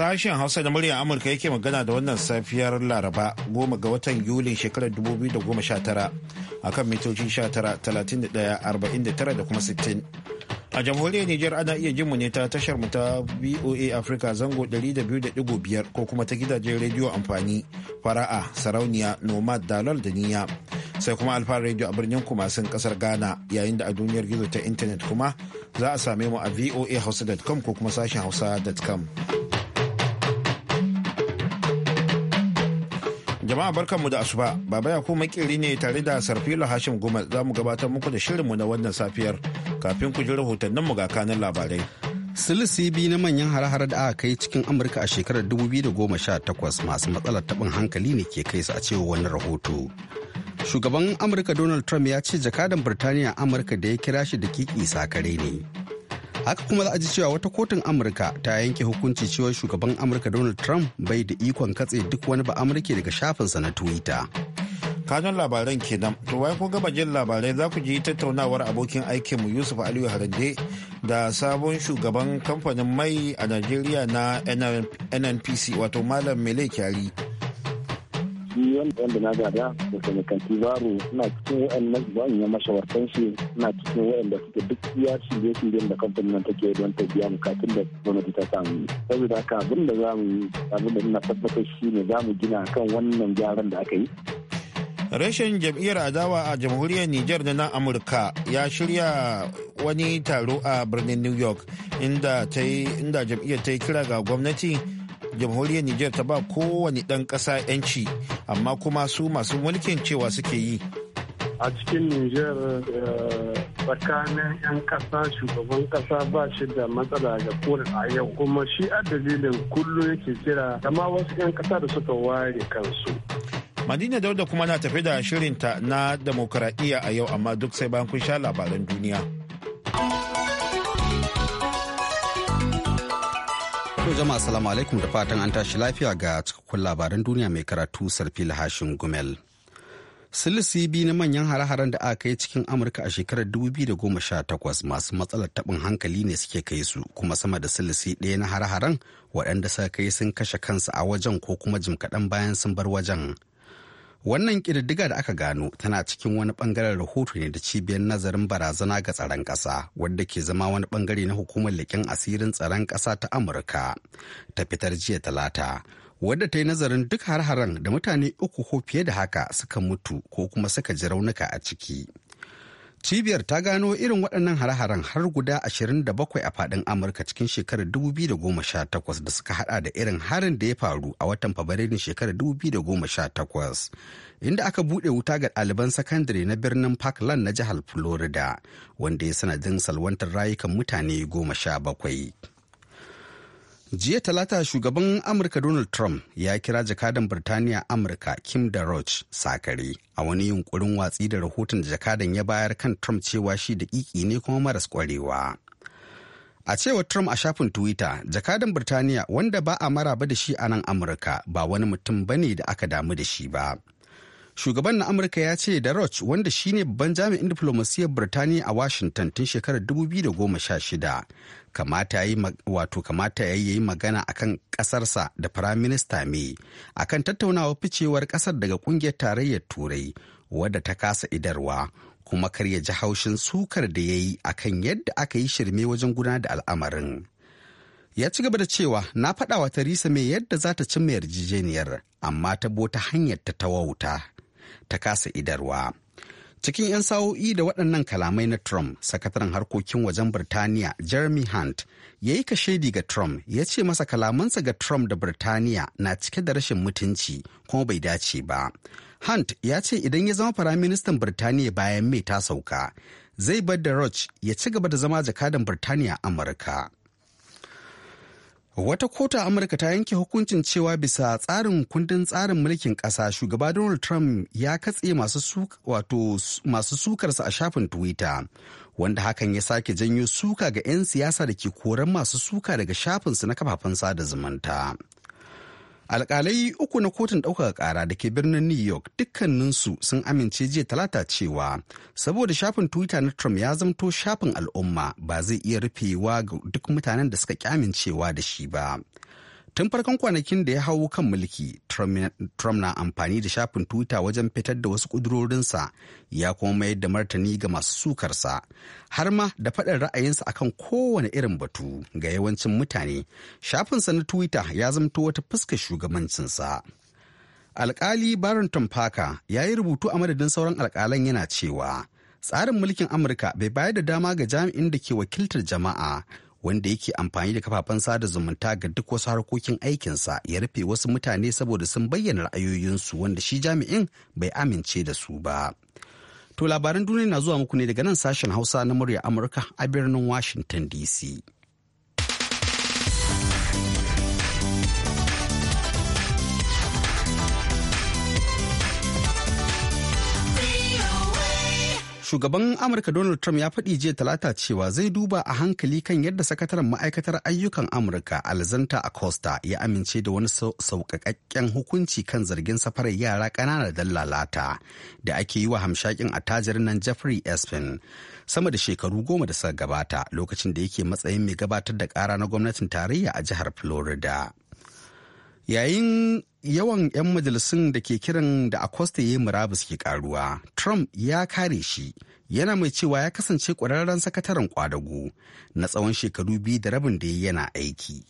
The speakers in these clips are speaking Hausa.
Sashen Hausa da muryar Amurka yake magana da wannan safiyar Laraba goma ga watan Yulin shekarar 2019 akan mitoci 19,31,49 da kuma 60. A jamhuriyar Nijar ana iya jinmu ne ta tashar mu ta VOA Africa zango 200.5 ko kuma ta gidajen rediyo amfani fara'a sarauniya nomad dalol da niya sai kuma alfahar rediyo a birnin kumasin kasar Ghana yayin da a duniyar gizo ta intanet kuma za a same mu a hausa.com ko kuma sashen hausa.com. Jama'a barkanmu da asuba, Baba Yakubu makiri ne tare da Sarfilo Hashim goma za mu gabatar muku da shirinmu na wannan safiyar kafin ku ji mu ga kanin labarai. Silisi biyu na manyan hare-hare da aka kai cikin Amurka a shekarar 2018 masu matsalar taɓin hankali ne ke kai su a cewa wani rahoto. Shugaban Amurka Donald Trump ya ce jakadan Birtaniya Amurka da ya kira shi da kiki sakare ne. haka kuma za a ji cewa wata kotun amurka ta yanke hukunci cewa shugaban amurka donald trump bai da ikon katse duk wani ba amurka daga shafinsa na twitter kanun labaran kenan to wai ko gaba jin labarai za ku ji tattaunawar abokin aikinmu yusuf aliyu harande da sabon shugaban kamfanin mai a najeriya na nnpc wato malam mele kyari ni wanda na gada da kamakanti baro suna cikin wa'annan wa'annan mashawartan shi suna cikin wa'anda suke duk ya shirye shiryen da kamfanin nan take don ta biya bukatun da gwamnati ta samu saboda haka abin da za yi abin da ina tabbatar shi ne zamu gina kan wannan gyaran da aka yi Rashin jam'iyyar adawa a jamhuriyar Nijar da na Amurka ya shirya wani taro a birnin New York inda jam'iyyar ta yi kira ga gwamnati jamhuriyar nijar ta ba kowane ɗan ƙasa 'yanci amma kuma su masu mulkin cewa suke yi a cikin nijar eh, tsakanin 'yan kasa shugaban kasa ba shi da matsala ga kore a yau kuma shi a dalilin kullum yake kira kama wasu 'yan kasa da suka ware kansu madina dauda kuma na tafi da shirinta na demokuraɗiyya a yau amma duk sai bayan kun sha labaran duniya. To jama'a assalamu alaikum da fatan an tashi lafiya ga cikakkun labaran duniya mai karatu sarfi lahashin gumel. Silisi biyu na manyan hare-haren da aka kai cikin Amurka a shekarar 2018 masu matsalar taɓin hankali ne suke kai su kuma sama da silisi ɗaya na hare-haren waɗanda suka kai sun kashe kansu a wajen ko kuma jim kaɗan bayan sun bar wajen. Wannan ƙididdiga da aka gano tana cikin wani ɓangaren rahoto ne da cibiyar nazarin barazana ga tsaron ƙasa wadda ke zama wani ɓangare na hukumar leƙen asirin tsaron ƙasa ta Amurka ta fitar jiya talata. Wadda ta yi nazarin duk har-haren da mutane uku ko fiye da haka suka mutu ko kuma suka ji raunuka a ciki. Cibiyar ta gano irin waɗannan hare-haren har guda 27 a faɗin Amurka cikin shekarar 2018 da suka hada da irin harin da ya faru a watan Fabrairun shekarar 2018, inda aka buɗe wuta ga ɗaliban sakandare na birnin Parkland na jihar Florida, wanda ya sanadin salwantar rayukan mutane 17. jiya talata shugaban amurka donald trump ya kira jakadan birtaniya amurka kim da roch sakare a wani yunkurin watsi da rahoton jakadan ya bayar kan trump cewa shi da ne kuma maras kwarewa a cewar trump a shafin twitter jakadan birtaniya wanda ba a maraba da shi a nan amurka ba wani mutum bane da aka damu da shi ba shugaban na amurka ya ce da roch wanda shine babban jami'in diflomasiyyar birtaniya a washington tun shekarar 2016 kamata yi wato kamata ya yi magana akan kasarsa da firaminista a akan tattaunawa ficewar kasar daga kungiyar tarayyar turai wadda ta kasa idarwa kuma kar ya ji haushin sukar da ya yi akan yadda aka yi shirme wajen gudanar da al'amarin ya ci gaba da cewa na faɗa wa Theresa mai yadda za ta cimma yarjejeniyar amma ta bo ta hanyar ta tawauta ta kasa idarwa. Cikin 'yan sa'o'i da waɗannan kalamai na Trump, sakataren harkokin wajen Birtaniya Jeremy Hunt ya yi kashedi ga Trump ya ce masa kalamansa ga Trump da Birtaniya na cike da rashin mutunci kuma bai dace ba. Hunt ya ce idan ya zama Firaministan Birtaniya bayan mai ta sauka, zai bar da Roch ya ci gaba da zama jakadan Birtaniya Amurka. Wata kotu a Amurka ta yanke hukuncin cewa bisa tsarin kundin tsarin mulkin ƙasa shugaba Donald Trump ya katse masu sukarsa a shafin Twitter, wanda hakan ya sake janyo suka ga 'yan siyasa da ke koran masu suka daga shafinsu na kafafen sada zumunta. alkalai uku na kotun ɗaukaka ƙara da ke birnin new york dukkaninsu sun amince jiya talata cewa saboda shafin twitter na trump ya zamto shafin al'umma ba zai iya rufewa ga duk mutanen da suka kyamincewa da shi ba Tun farkon kwanakin da ya hau kan mulki, Trump na amfani da shafin Twitter wajen fitar da wasu ƙudurorinsa ya kuma mayar da martani ga masu sukarsa, har ma da faɗin ra'ayinsa akan kowane irin batu ga yawancin mutane. Shafinsa na Twitter ya zamto wata fuskar shugabancinsa. Alkali Barrington Parker ya yi rubutu a madadin sauran alkalan yana cewa, tsarin mulkin Amurka bai bayar da dama ga jami'in da ke wakiltar jama'a wanda yake amfani da kafafen sada zumunta ga duk wasu harkokin aikinsa ya rufe wasu mutane saboda sun bayyana ra'ayoyinsu wanda shi jami'in bai amince da su ba. To labaran duniya na zuwa muku ne daga nan sashen Hausa na murya Amurka a birnin Washington DC. Shugaban Amurka Donald Trump ya faɗi jiya talata cewa zai duba a hankali kan yadda sakataren ma'aikatar ayyukan Amurka alzanta Acosta ya amince da wani sauƙaƙƙen hukunci kan zargin safarar yara ƙanana da lalata da ake yi wa hamshakin attajirin nan Jeffrey Espin sama da shekaru goma da suka gabata lokacin da yake matsayin mai gabatar da ƙara na gwamnatin tarayya a jihar Florida. Yayin yawan 'yan majalisun da ke kiran da Acosta ya yi murabus ke karuwa. Trump ya kare shi yana mai cewa ya kasance ƙwararren sakataren kwadago na tsawon shekaru biyu da rabin da yana aiki.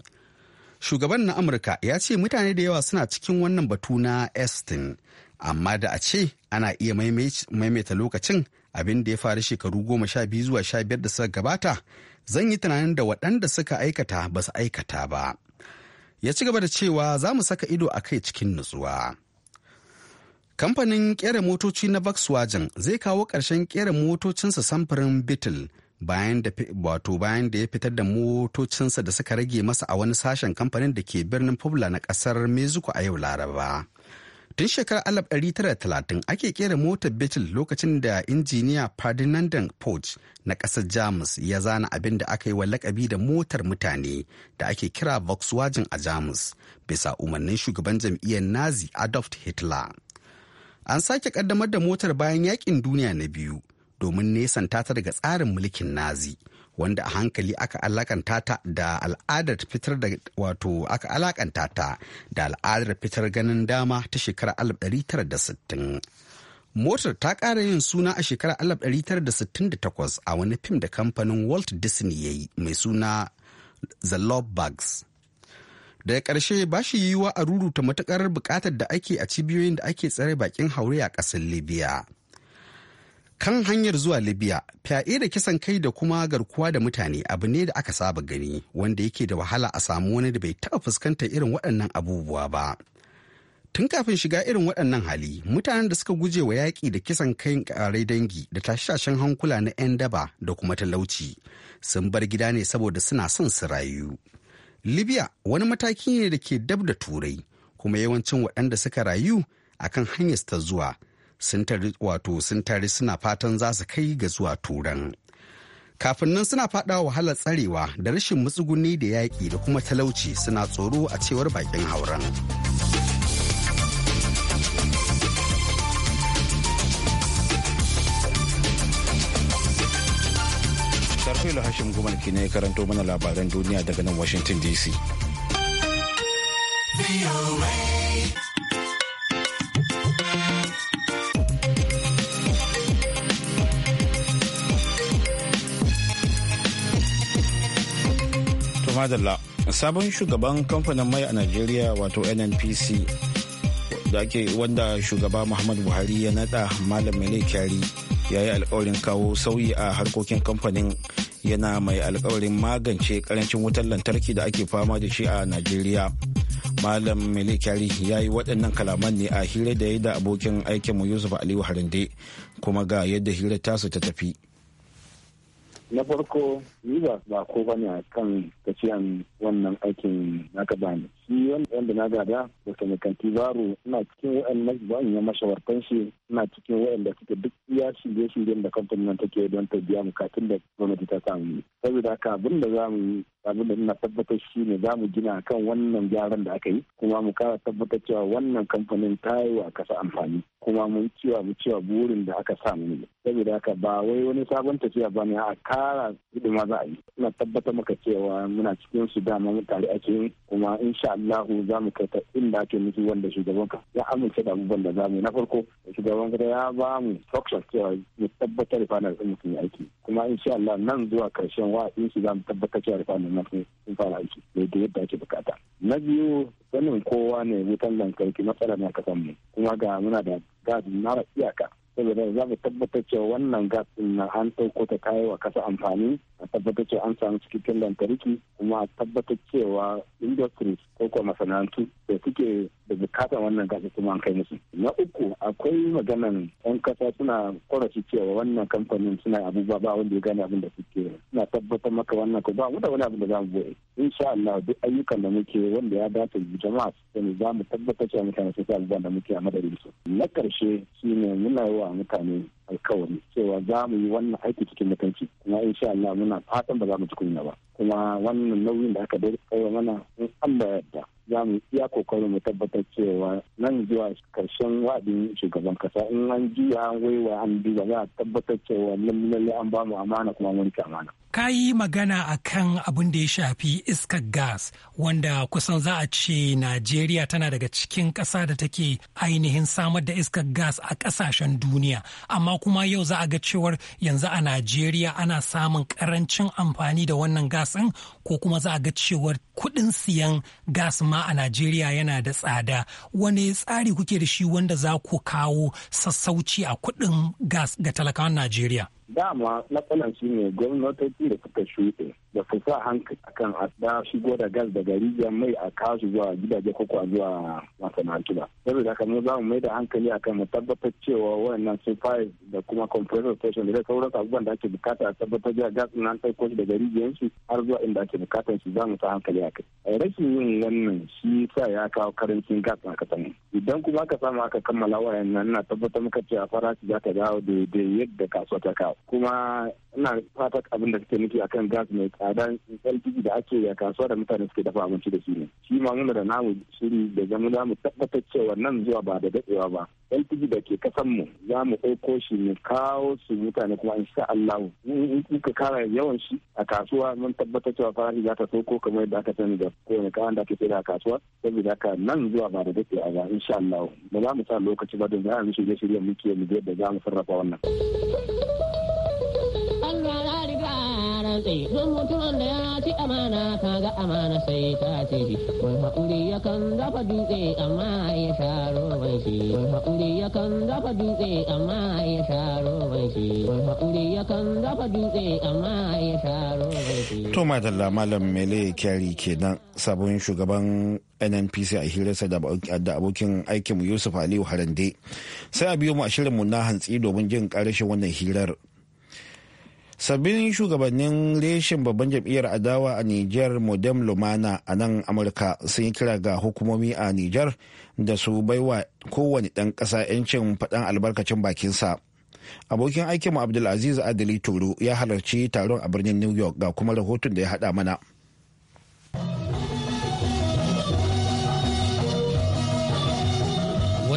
Shugaban na Amurka ya ce mutane da yawa suna cikin wannan batu na Estin, amma da a ce ana iya maimaita lokacin abin da ya faru shekaru goma sha biyu zuwa sha biyar da suka gabata, zan yi tunanin da waɗanda suka aikata ba su aikata ba. ya ci gaba da cewa za mu saka ido a kai cikin nutsuwa. Kamfanin kera motoci na Volkswagen zai kawo ƙarshen kera motocinsa samfurin Beetle bayan da wato bayan da ya fitar da motocinsa da suka rage masa a wani sashen kamfanin da ke birnin Puebla na ƙasar Mexico a yau Laraba. Tun shekarar 1930 ake kera motar Beetle lokacin da injiniya Ferdinand Poch na ƙasar Jamus ya zana abin da aka yi wa lakabi da motar mutane da ake kira Volkswagen a Jamus bisa umarnin shugaban jam'iyyar Nazi Adolf Hitler. An sake ƙaddamar da motar bayan yakin duniya na biyu domin nesanta ta daga tsarin mulkin Nazi. wanda a hankali aka alakanta ta da al'adar fitar da wato aka alakanta ta da al'adar fitar ganin dama ta shekarar 1960 motar ta ƙara yin suna a shekarar 1968 a wani fim da kamfanin walt disney ya yi mai suna the love bugs daga ƙarshe ba shi yiwuwa a ruruta matuƙar buƙatar da ake a cibiyoyin da ake tsare bakin haure a ƙasar libya kan hanyar zuwa libya fyaɗe da kisan kai da kuma garkuwa da mutane abu ne da aka saba gani wanda yake da wahala a samu wani da bai taɓa fuskantar irin waɗannan abubuwa ba tun kafin shiga irin waɗannan hali mutanen da suka guje wa yaƙi da kisan kai ƙarai dangi da tashashen hankula na 'yan daba da kuma talauci sun bar gida ne saboda suna son su rayu libya wani mataki ne da ke dab da turai kuma yawancin waɗanda suka rayu akan hanyar ta zuwa sun tari wato sun tari suna fatan za su kai ga zuwa turan kafin nan suna fada wahalar tsarewa da rashin matsuguni da yaƙi da kuma talauci suna tsoro a cewar bakin hauren Sarfilo Hashim Gumal ke ya karanto mana labaran duniya daga nan Washington DC. madalla sabon shugaban kamfanin mai a najeriya wato nnpc wanda shugaba muhammadu buhari ya nada malam mele kyari ya yi alkawarin kawo sauyi a harkokin kamfanin yana mai alkawarin magance karancin wutar lantarki da ake fama da shi a najeriya malam mele kyari ya yi waɗannan kalaman ne a hira da ya da abokin aikinmu yusuf aliyu harinde kuma ga yadda hirar tasu ta tafi na farko ni ba ko bane kan tafiyan wannan aikin naka bani ni wanda na gada da mai kanti baro ina cikin waɗannan ban ya mashawartan shi na cikin waɗanda suke duk iya shirye shiryen da kamfanin nan take don ta biya mu katin da gwamnati ta samu saboda haka abin da za mu yi abin da ina tabbatar shi ne za mu gina kan wannan gyaran da aka yi kuma mu kara tabbatar cewa wannan kamfanin ta yi wa kasa amfani kuma mun cewa mu cewa burin da aka samu ne saboda haka ba wai wani sabon tafiya ba ne a kara hidima za a yi ina tabbatar maka cewa muna cikin su dama mutane ake ake kuma in insha Allahu za mu kai ta inda ake nufi wanda shugaban ka ya amince da abubuwan da za mu na farko shugaban ka ya ba mu structure cewa mu tabbatar refinery sun mutum aiki kuma insha Allah nan zuwa karshen wa'adin su za mu tabbatar cewa refinery na sun fara aiki da yadda ake bukata na biyu sanin kowa ne wutan lantarki matsala ne a kasan mu kuma ga muna da gadi mara iyaka saboda za mu tabbatar cewa wannan gas din na an ɗauko ta kayi wa kasa amfani a tabbatar cewa an samu cikakken lantarki kuma a tabbatar cewa industries ko kuma masana'antu da suke da bukatar wannan gasa kuma an kai musu na uku akwai maganan yan kasa suna korafi cewa wannan kamfanin suna abubuwa ba wanda ya gane abin da suke suna tabbatar maka wannan ko ba wanda wani abin da za mu bude insha Allah duk ayyukan da muke wanda ya dace da jama'a sani za mu tabbatar cewa mutane sun sa abubuwan da muke a madadin su na karshe shine muna yi wa mutane alkawari cewa za mu yi wannan aiki cikin mutunci kuma insha Allah muna fatan ba za mu ci kunya ba kuma wannan nauyin da aka dai mana in Allah ya yarda za mu iya kokarin mu tabbatar cewa nan zuwa karshen wa'adin shugaban kasa in an jiya an waiwa an duba za a tabbatar cewa lallai an ba mu amana kuma mun amana. Ka yi magana a kan abin da ya shafi iskar gas wanda kusan za a ce Najeriya tana daga cikin ƙasa da take ainihin samar da iskar gas a ƙasashen duniya. Amma kuma yau za a ga cewar yanzu a Najeriya ana samun ƙarancin amfani da wannan gas ko kuma za a ga cewar kuɗin siyan gas ma a Najeriya yana da tsada wani tsari kuke da shi wanda za ku kawo sassauci a kuɗin gas ga talakawan Najeriya? dama matsalan shi ne gwamnatoci da suka shuɗe da su sa hankali akan da shigo da gas daga rijiyar mai a kasu zuwa gidaje ko zuwa masana'antu ba saboda haka mu za mu mai da hankali akan mu tabbatar cewa wayannan sun da kuma compressor station da sauran abubuwan da ake bukata a tabbatar da gas nan kai ko daga rijiyar su har zuwa inda ake bukatar su za mu sa hankali akai eh, rashin yin wannan shi sa ya kawo karancin gas a kasan idan kuma aka samu aka kammala wayannan na tabbatar muka cewa farashi za ta dawo daidai yadda kasuwa ta kawo kuma ina fatan abin da suke nufi akan gas mai tsada LPG da ake ya kasuwa da mutane suke dafa abinci da shi ne shi ma muna da namu shiri da zamu za mu tabbatar cewa nan zuwa ba da dadewa ba LPG da ke kasan mu za mu ɗauko shi mu kawo su mutane kuma insha Allah in ka kara yawan shi a kasuwa mun tabbatar cewa farashi za ta sauko kamar yadda aka sani da kowane kawan da ake a kasuwa saboda haka nan zuwa ba da dadewa ba insha Allah ba za mu sa lokaci ba don za mu shirye-shiryen muke mu da za mu sarrafa wannan. na rantse don mutumin da ya ci amana ga amana sai ta ce shi mai haƙuri yakan dafa dutse amma ya sharo mai shi mai haƙuri dafa dutse amma ya sharo mai shi mai haƙuri yakan dafa dutse amma ya sharo mai shi. to madalla malam mele kyari kenan sabon shugaban nnpc a hirarsa da abokin aikinmu yusuf aliyu harande sai a biyo mu a shirinmu na hantsi domin jin karashin wannan hirar sabbin shugabannin reshen babban jam'iyyar adawa a niger modem lumana a nan amurka sun yi kira ga hukumomi a niger da su baiwa kowane ɗan ƙasa 'yancin faɗan albarkacin bakinsa abokin aikinmu abdulaziz adali toro ya halarci taron a birnin new york ga kuma rahoton da ya haɗa mana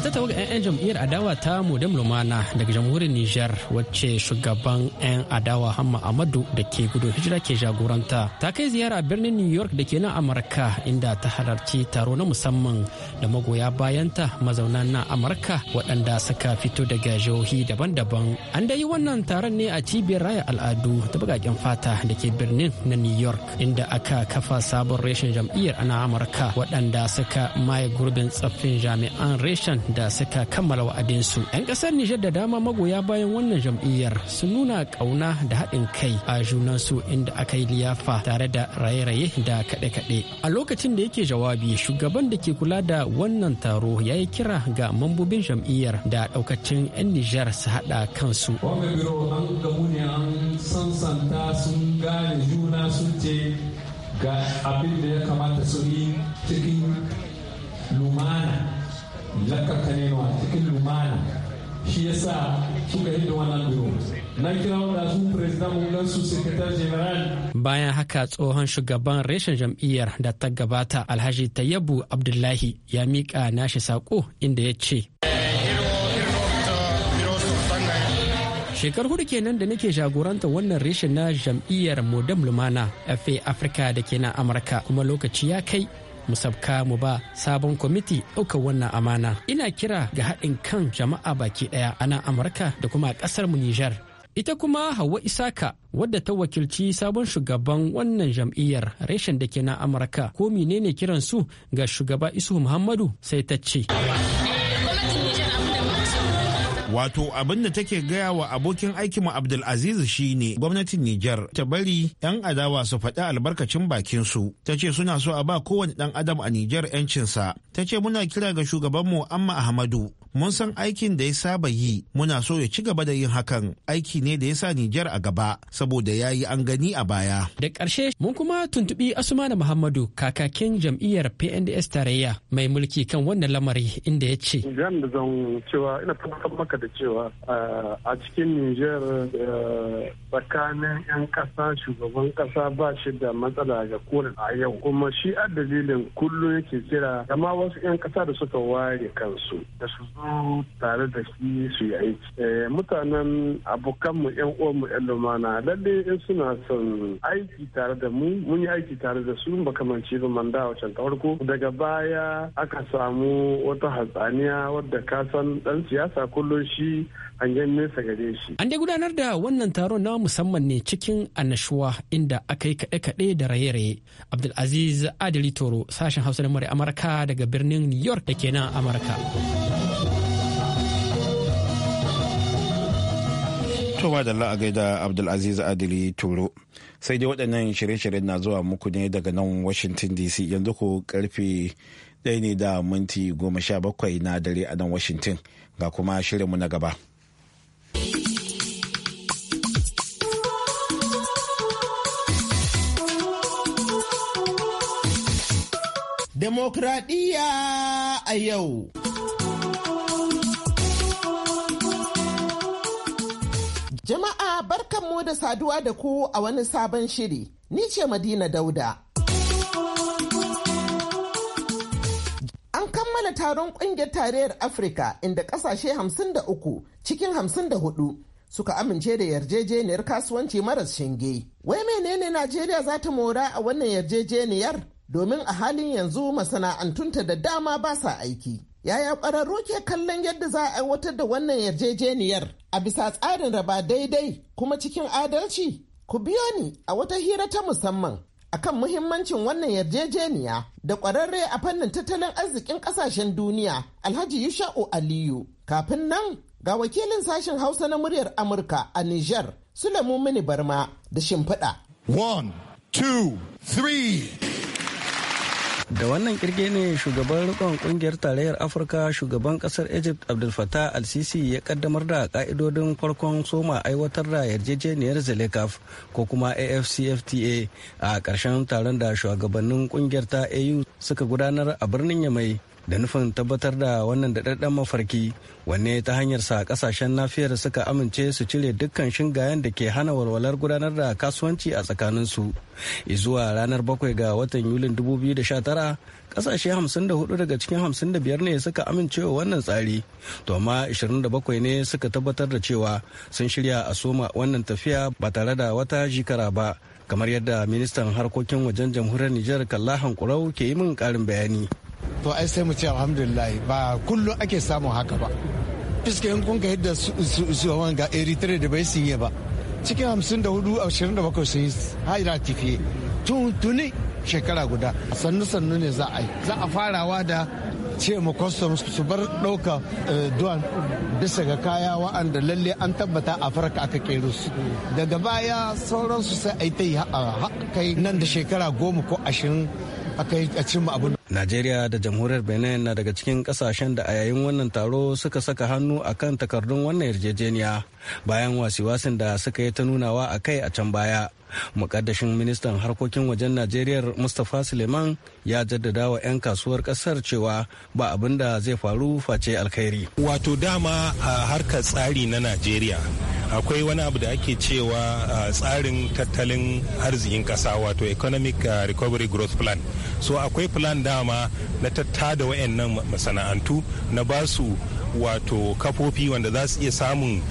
wata tawaga 'yan jam'iyyar adawa ta modem lumana daga jamhuriyar niger wacce shugaban 'yan adawa hamma amadu da ke gudu hijira ke jagoranta ta kai ziyara birnin new york da ke nan amurka inda ta halarci taro na musamman da magoya bayanta mazauna na amurka waɗanda suka fito daga jihohi daban-daban an da yi wannan taron ne a cibiyar raya al'adu ta bugaƙen fata da ke birnin na new york inda aka kafa sabon reshen jam'iyyar ana amurka waɗanda suka maye gurbin tsaffin jami'an reshen da suka kammala wa'adinsu. 'Yan kasar Nijar da dama magoya bayan wannan jam'iyyar sun nuna kauna da haɗin kai a junansu inda aka yi liyafa tare da raye-raye da kaɗe-kaɗe. A lokacin da yake jawabi shugaban da ke kula da wannan taro ya yi kira ga mambobin jam'iyyar da ɗaukacin 'yan Nijar su haɗa kansu. ga abin da ya kamata su yi cikin lumana lakakane a cikin lumana shi yasa suka yi da wannan biro na kira wanda su president mungan su secretary general bayan haka tsohon shugaban reshen jam'iyyar da ta gabata alhaji tayyabu abdullahi ya miƙa nashi sako inda ya ce shekar hudu kenan da nake jagoranta wannan reshen na jam'iyyar modem lumana fa afirka da ke na amurka kuma lokaci ya kai mu sabka mu ba sabon kwamiti ɗaukar wannan amana ina kira ga haɗin kan jama'a baki ɗaya a nan amurka da kuma a ƙasar mu nijar ita kuma hawa isaka wadda ta wakilci sabon shugaban wannan jam'iyyar reshen da ke na amurka ko menene kiran su ga shugaba isu muhammadu sai ta ce Wato abin da take gaya wa abokin aikinmu Abdulaziz shine gwamnatin Nijar ta bari 'yan adawa su faɗi albarkacin bakinsu. Ta ce suna so a ba kowane ɗan adam a Nijar 'yancinsa. Ta ce muna kira ga shugabanmu Amma Ahmadu mun san aikin da ya saba yi muna so ya ci gaba da yin hakan aiki ne da ya sa Nijar a gaba saboda ya yi an gani a baya. Da ƙarshe mun kuma tuntuɓi Asumana Muhammadu kakakin jam'iyyar PNDS tarayya mai mulki kan wannan lamari inda ya ce. Zan da zan cewa ina tabbatar maka da cewa eh, a cikin Nijar eh, tsakanin 'yan ƙasa shugaban ƙasa ba shi da matsala ga kowane a yau kuma shi a dalilin kullum yake kira kama wasu 'yan ƙasa da suka ware kansu da su zo su tare da shi su yi aiki. Eh, mutanen abokanmu ‘yan uwanmu ‘yan lumana lalle in suna son aiki tare da mu mun yi aiki tare da su makamanci ba manda wacan ta farko daga baya aka samu wata hatsaniya wadda ka san ɗan siyasa kullum shi hangen nesa gare shi. An dai gudanar da wannan taron na musamman ne cikin annashuwa inda aka yi kaɗe-kaɗe da raye-raye. Abdulaziz Adili Toro sashen Hausa na Amurka daga birnin New York da ke nan Amurka. To da la'agai da Abdulaziz Adili Turo. Sai dai waɗannan shirye-shiryen na zuwa muku ne daga nan Washington DC yanzu ku karfe ɗaya ne da minti goma sha bakwai na dare a nan Washington ga kuma mu na gaba. Demokradiyya a yau. mu da saduwa da ku a wani sabon shiri. Ni ce Madina Dauda. An kammala taron ƙungiyar tarayyar Afirka inda kasashe 53 cikin 54 suka amince da yarjejeniyar kasuwanci maras shinge. Wai menene Najeriya za ta mora a wannan yarjejeniyar? Domin a halin yanzu masana'antunta da dama ba sa aiki. Yaya ƙwararru ke kallon yadda za a aiwatar da wannan yarjejeniyar a bisa tsarin raba daidai kuma cikin adalci? Ku biyo ni a wata hira ta musamman akan muhimmancin wannan yarjejeniya da ƙwararre a fannin tattalin arzikin ƙasashen duniya Alhaji Yusha'u Aliyu. Kafin nan ga wakilin sashen Hausa na muryar Amurka a Niger Sulemu Mini Barma da Shimfiɗa. One, two, three. da wannan kirge ne shugaban rikon kungiyar tarayyar afirka shugaban kasar egypt abdul fattah al-sisi ya kaddamar da ka'idodin farkon soma aiwatar da yarjejeniyar zelekaf ko kuma afcfta a ƙarshen taron da shugabannin kungiyar ta au suka gudanar a birnin yamai da nufin tabbatar da wannan daɗaɗɗen mafarki wanne ta hanyar sa kasashen nafiyar suka amince su cire dukkan shingayen da ke hana walwalar gudanar da kasuwanci a tsakaninsu zuwa ranar bakwai ga watan yulin 2019 ƙasashe 54 daga cikin 55 ne suka amince wa wannan tsari to amma 27 ne suka tabbatar da cewa sun shirya a soma wannan tafiya ba tare da wata jikara ba kamar yadda ministan harkokin wajen jamhuriyar nijar kallahan kurau ke yi min ƙarin bayani to ai sai mu ce alhamdulillah ba kullum ake samun haka ba fiske in kun ka yadda su wanga eritrea da bai sinye ba cikin hamsin da hudu ashirin da bakwai sun yi haira tafiye tun tuni shekara guda sannu sannu ne za a yi za a farawa da ce ma customs su bar ɗauka eh, duwan bisa ga kaya wa'anda lalle an tabbata a farka aka kero su daga baya sauransu sai a yi ta yi kai nan da shekara goma ko ashirin aka yi a cimma abin Najeriya da jamhuriyar Benin na daga cikin kasashen da a yayin wannan taro suka saka hannu a kan takardun wannan yarjejeniya bayan wasi wasin da suka yi ta nunawa a kai a can baya. Mukaddashin ministan harkokin wajen Najeriya Mustapha Suleiman ya jaddada wa 'yan kasuwar kasar cewa ba abin da zai faru face alkhairi. Wato dama a harkar tsari na Najeriya akwai wani abu da ake cewa tsarin tattalin arzikin kasa wato economic recovery growth plan. So akwai plan da dama na tattada wayannan masana'antu na basu wato kafofi wanda za su iya samun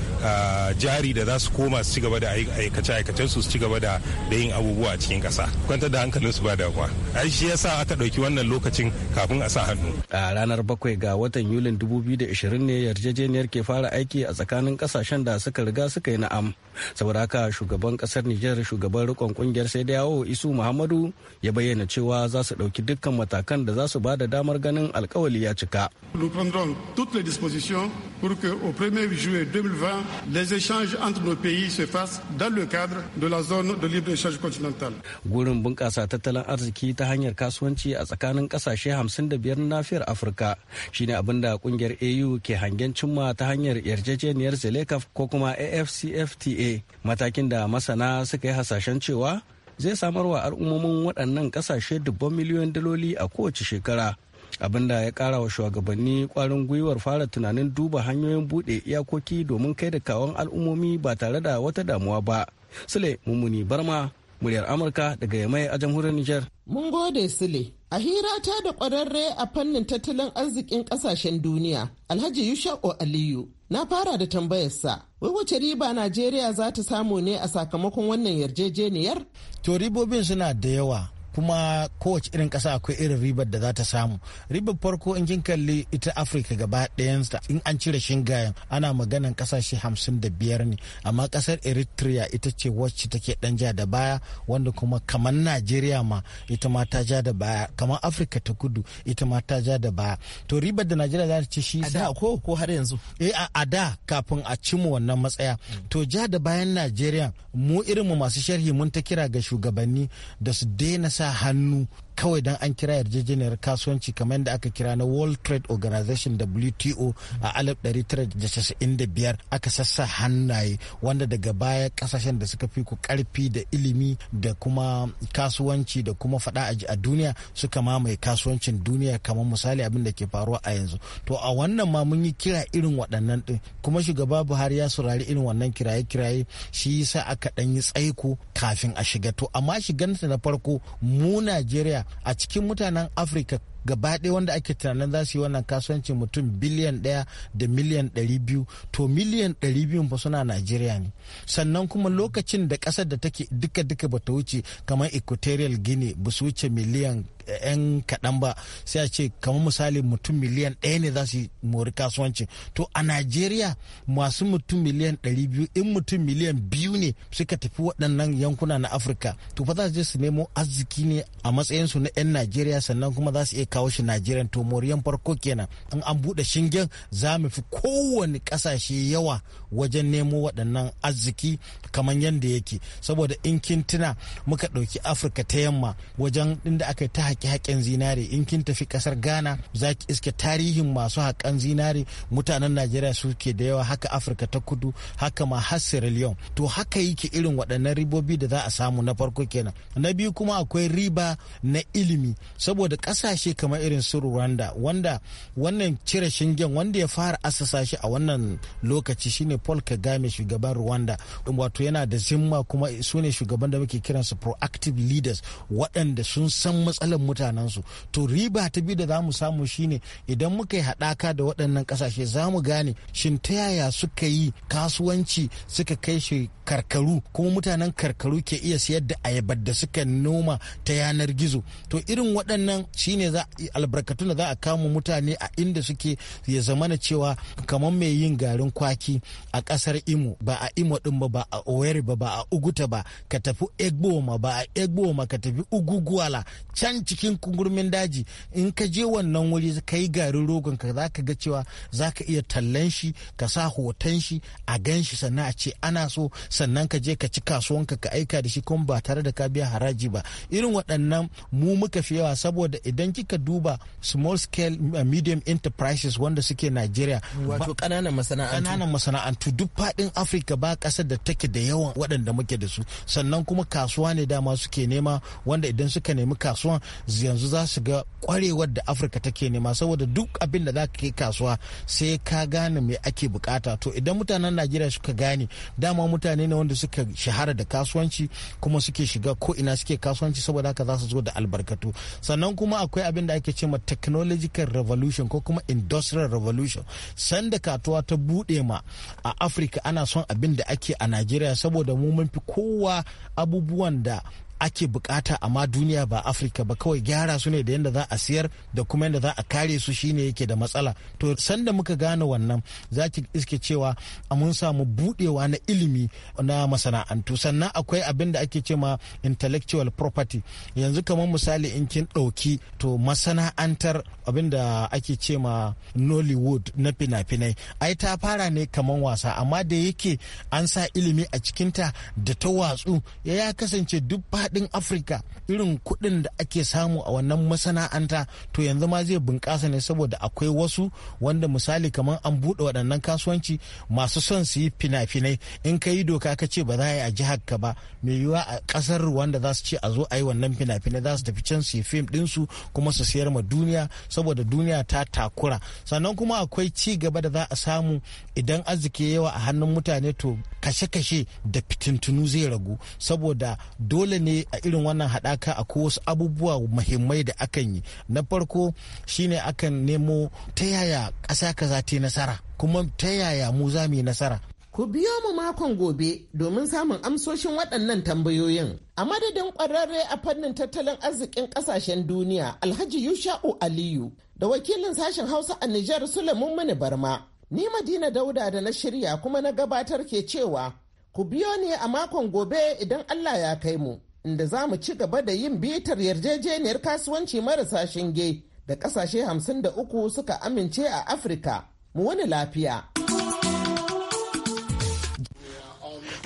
jari da za su koma su ci gaba da aikace-aikacen su ci gaba da yin abubuwa a cikin kasa kwantar da hankalin su ba kuwa ai shi yasa aka ɗauki wannan lokacin kafin a sa hannu a ranar bakwai ga watan yulin 2020 ne yarjejeniyar ke fara aiki a tsakanin kasashen da suka riga suka yi na'am saboda haka shugaban kasar Nijar shugaban rikon kungiyar sai da yawo Isu Muhammadu ya bayyana cewa za su ɗauki dukkan matakan da za su ba da damar ganin alkawali ya cika. Nous prendrons toutes les dispositions pour que au 1er juillet 2020 les échanges entre nos pays se fassent dans le cadre de la zone de libre-échange continental. Gurin bunƙasa tattalin arziki ta hanyar kasuwanci a tsakanin ƙasashe 55 na nafiyar Afirka shine abin da ƙungiyar AU ke hangen cimma ta hanyar yarjejeniyar Zelekaf ko kuma AFCFTA matakin da masana suka yi hasashen cewa zai samarwa al'ummomin waɗannan ƙasashe dubban miliyoyin daloli a kowace shekara abinda ya kara wa shugabanni kwarin gwiwar fara tunanin duba hanyoyin bude iyakoki domin kai da kawon al'ummomi ba tare da wata damuwa ba sule mummuni barma muryar amurka daga yamai a jamhuriyar niger mun gode sule a hira ta da kwararre a fannin tattalin arzikin kasashen duniya alhaji yusha'u aliyu na fara da tambayarsa wai wace riba najeriya za ta samu ne a sakamakon wannan yarjejeniyar to ribobin suna da yawa kuma kowace irin ƙasa akwai irin ribar da za ta samu ribar farko in kin kalli ita afirka gaba ɗayansa in an cire shingayen ana maganan ƙasashe hamsin da biyar ne amma ƙasar eritrea ita ce wacce take ɗan ja da baya wanda kuma kamar najeriya ma ita ma ta ja da baya kamar afirka ta kudu ita ma ta ja da baya to ribar da najeriya za ta ci shi a da ko ko har yanzu eh a da kafin a mu wannan matsaya mm. to ja da bayan najeriya mu irin mu masu sharhi mun ta kira ga shugabanni da su daina sa hannu kawai don an kira yarjejeniyar kasuwanci kamar yadda aka kira na world trade organization wto a 1995 aka sassa hannaye wanda daga baya kasashen da suka fi ku karfi da ilimi da kuma kasuwanci da kuma fada a duniya suka mamaye kasuwancin duniya kamar misali abin da ke faruwa a yanzu to a wannan ma mun yi kira irin waɗannan din kuma shugaba buhari ya saurari irin wannan kiraye-kiraye shi yasa aka ɗan yi tsaiko kafin a shiga to amma shigansa na farko mu najeriya a cikin mutanen afirka gaba ɗaya wanda ake tunanin za su yi wannan kasuwanci mutum biliyan ɗaya da miliyan ɗari biyu to miliyan ɗari biyu fa suna najeriya ne sannan kuma lokacin da ƙasar da take duka duka bata wuce kamar equatorial guinea ba su wuce miliyan 'yan kaɗan ba sai a ce kamar misali mutum miliyan ɗaya ne za su mori kasuwanci to a najeriya masu mutum miliyan ɗari biyu in mutum miliyan biyu ne suka tafi waɗannan yankuna na afirka to fa za su je su nemo arziki ne a matsayinsu na 'yan najeriya sannan kuma za su iya kawo shi najeriya to moriyan farko kenan in an buɗe shingen za mu fi kowane ƙasashe yawa wajen nemo waɗannan arziki kamar yadda yake saboda in kintina muka ɗauki afirka ta yamma wajen inda aka yi ta haƙe haƙƙin zinare in kin tafi kasar ghana za ki iske tarihin masu haƙƙan zinare mutanen najeriya suke da yawa haka afirka ta kudu haka ma har sierra leone to haka yake irin waɗannan ribobi da za a samu na farko kenan na biyu kuma akwai riba na ilimi saboda ƙasashe kamar irin su rwanda wanda wannan cire shingen wanda ya fara asasa shi a wannan lokaci shine paul kagame shugaban rwanda wato yana da zimma kuma su ne shugaban da muke kiransu proactive leaders waɗanda sun san matsalar mutanensu to riba ta biyu da za mu samu shine idan muka yi haɗaka da waɗannan ƙasashe za mu gane shin ta yaya suka yi kasuwanci suka kai shi karkaru kuma mutanen karkaru ke iya sayar da ayabar da suka noma ta yanar gizo to irin waɗannan shine za albarkatun da za a kama mutane a inda suke ya zamana cewa kamar mai yin garin kwaki a ƙasar imo ba a imo ɗin ba ba a oyeri ba ba a uguta ba ka tafi egboma ba a egboma ka tafi uguguwala can cikin kungurmin daji in ka je wannan wuri ka yi garin rogon ka za ka ga cewa za ka iya tallan shi ka sa hoton shi a gan shi sannan a ce ana so sannan ka je ka ci kasuwanka ka aika da shi kuma ba tare da ka biya haraji ba irin waɗannan mu muka fi yawa saboda idan kika duba small scale uh, medium enterprises wanda suke Najeriya wato ƙananan masana'antu ƙananan masana'antu duk faɗin Afirka ba ƙasar da take da yawan waɗanda muke da su sannan kuma kasuwa ne dama suke nema wanda idan suka nemi kasuwan yanzu za su ga kwarewar da afirka take nema saboda duk abin da za ka kasuwa sai ka gane me ake bukata to idan mutanen najeriya suka gane dama mutane ne wanda suka shahara da kasuwanci kuma suke shiga ko ina suke kasuwanci saboda haka za su zo da albarkatu sannan kuma akwai abin da ake ce ma technological revolution ko kuma industrial revolution sanda katuwa ta bude ma a afirka ana son abin da ake a najeriya saboda mu mun fi kowa abubuwan da ake bukata amma duniya ba afirka ba kawai gyara su ne da yadda za a siyar da kuma yadda za a kare su shine yake da matsala to sanda muka gane wannan za ki iske cewa a mun samu budewa na ilimi na masana'antu sannan akwai abin da ake cewa intellectual property yanzu kamar misali in kin ɗauki to masana'antar abin da ake cewa nollywood na fina-finai ai ta fara ne kamar wasa amma da yake an sa ilimi a cikinta da ta watsu ya kasance duk faɗin afirka irin kuɗin da ake samu a wannan masana'anta to yanzu ma zai bunƙasa ne saboda akwai wasu wanda misali kamar an buɗe waɗannan kasuwanci masu son su yi fina-finai in ka yi doka ka ce ba za a yi a jihar ka ba mai yiwuwa a ƙasar wanda za su ce a zo a yi wannan fina-finai za su tafi can su yi fim ɗinsu kuma su siyar ma duniya saboda duniya ta takura sannan kuma akwai ci gaba da za a samu idan arziki yawa a hannun mutane to kashe-kashe da fitintunu zai ragu saboda dole ne ne a irin wannan haɗaka a wasu abubuwa muhimmai da akan yi na farko shine akan nemo ta yaya ƙasa za ta nasara kuma ta yaya mu za mu yi nasara Ku biyo mu makon gobe domin samun amsoshin waɗannan tambayoyin. A madadin ƙwararre a fannin tattalin arzikin ƙasashen duniya Alhaji Yusha'u Aliyu da wakilin sashen Hausa a Nijar Sulaimun Mani Barma. Ni Madina Dauda da na shirya kuma na gabatar ke cewa ku biyo ne a makon gobe idan Allah ya kai mu. inda za mu ci gaba da yin bitar yarjejeniyar kasuwanci marasa shinge da kasashe 53 suka amince a afirka mu wani lafiya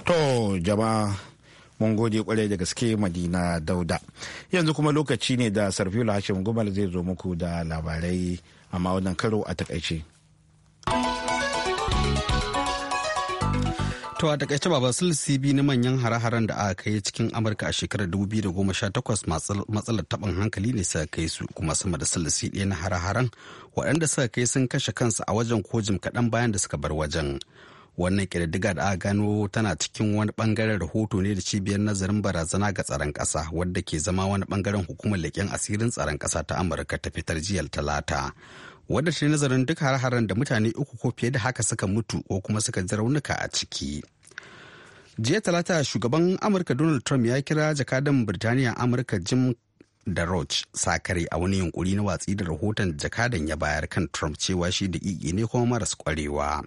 to jama'a mun gode kwarai da gaske madina dauda yanzu kuma lokaci ne da sarfila hashim gumal zai zo muku da labarai amma wannan karo a takaice. To a takaice baba silsibi na manyan hare-haren da aka kai cikin Amurka a shekarar 2018 matsalar taɓin hankali ne suka kai su kuma sama da silsi ɗaya na hare-haren waɗanda suka kai sun kashe kansu a wajen ko jim kaɗan bayan da suka bar wajen. Wannan ƙididdiga da aka gano tana cikin wani bangaren rahoto ne da cibiyar nazarin barazana ga tsaron kasa wadda ke zama wani bangaren hukumar leƙen asirin tsaron kasa ta Amurka ta fitar jiyar Talata. wadda ta nazarin duk har-haren da mutane uku ko fiye da haka suka mutu ko kuma suka ji raunuka a ciki. jiya talata shugaban amurka donald trump ya kira jakadan birtaniya amurka jim da Roch sakare a wani yunkuri na watsi da rahoton jakadan ya bayar kan trump cewa shi da ne kuma maras kwarewa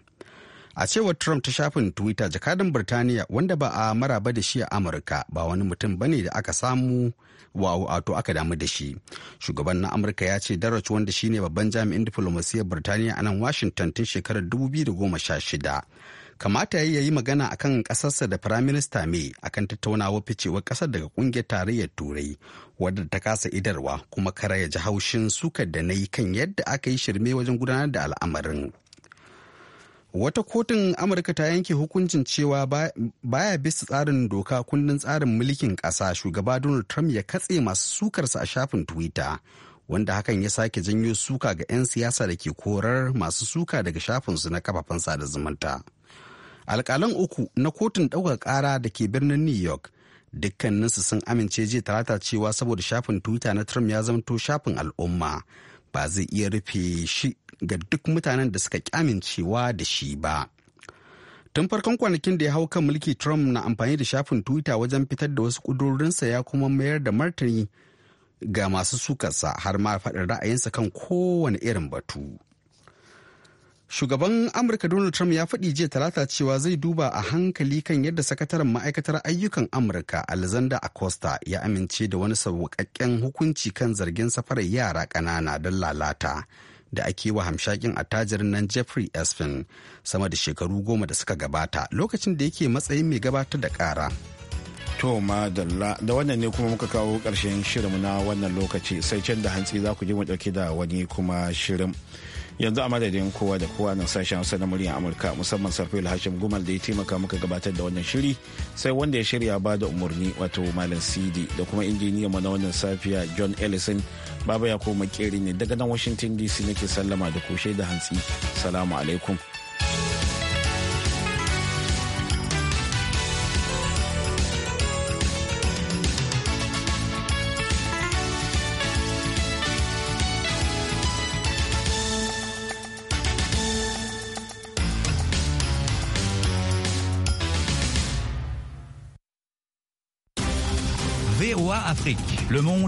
a cewar trump ta shafin twitter jakadan birtaniya wanda ba a maraba da shi a amurka ba wani mutum bane da aka samu wato aka damu da shi shugaban na amurka ya ce darach wanda shine babban jami'in diflomasiyyar birtaniya a nan washington tun shekarar 2016 kamata ya yi magana akan kasarsa da firaminista may akan tattaunawa ficewar kasar daga kungiyar tarayyar turai wadda ta kasa idarwa kuma kara ya ji haushin sukar da na yi kan yadda aka yi shirme wajen gudanar da al'amarin wata kotun amurka ta yanke hukuncin cewa baya bisa tsarin doka kundin tsarin mulkin ƙasa shugaba donald trump ya katse masu sukarsa a shafin twitter wanda hakan ya sake janyo suka ga 'yan siyasa da ke korar masu suka daga shafinsu na kafafen sada zumunta alƙalan uku na kotun ɗaukar ƙara da ke birnin new york dukkaninsu sun amince jiya talata cewa saboda shafin twitter na trump ya zamto shafin al'umma ba zai iya rufe shi ga duk mutanen da suka kyamincewa da shi ba. Tun farkon kwanakin da ya hau kan mulki Trump na amfani da shafin Twitter wajen fitar da wasu kudurinsa ya kuma mayar da martani ga masu sukarsa har ma faɗin ra'ayinsa kan kowane irin batu. Shugaban Amurka Donald Trump ya faɗi jiya talata cewa zai duba a hankali kan yadda sakataren ma'aikatar ayyukan Amurka Alexander Acosta ya amince da wani sauƙaƙƙen hukunci kan zargin safarar yara ƙanana don lalata da ake wa hamshakin attajirin nan Jeffrey Espin sama da shekaru goma da suka gabata lokacin da yake matsayin mai gabatar da ƙara. To madalla da wannan ne kuma muka kawo ƙarshen shirinmu na wannan lokaci sai can da hantsi za ku ji mu ɗauke da wani kuma shirin. yanzu a madadin kowa da kowa nan sashen hausa na muryar amurka musamman sarfil hashim gumal da ya taimaka muka gabatar da wannan shiri sai wanda ya shirya ba da umarni wato malam sidi da kuma injiniyan mu na wannan safiya john ellison baba ya koma makeri ne daga nan washington dc nake sallama da koshe da hantsi salamu alaikum Le monde